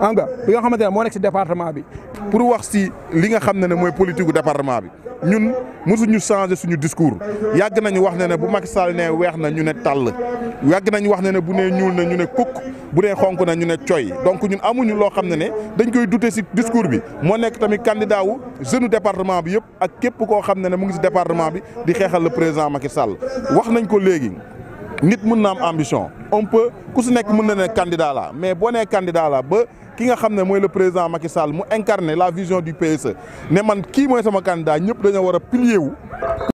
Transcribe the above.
xam nga bi nga xamante ne moo nekk si département bi pour wax si li nga xam ne ne mooy politique gu département bi ñun mosuñu changer suñu discours yàgg nañu wax ne ne bu Macky Sall ne weex na ñu ne tàll yàgg nañu wax ne ne bu nee ñuul na ñu ne kukk bu nee xonk na ñu ne coy donc ñun amuñu loo xam ne ne dañ koy dute si discours bi moo nekk tamit candidat wu jeune département bi yëpp ak képp koo xam ne ne mu ngi si département bi di xeexal la président Macky Sall wax nañ ko léegi nit mun na am ambition on peut ku si nekk mun na ne candidat la mais boo nee candidat la ba ki nga xam ne mooy le président Macky Sall mu incarne la vision du ps e, ne man kii mooy sama candidat ñëpp dañoo war a plier wu.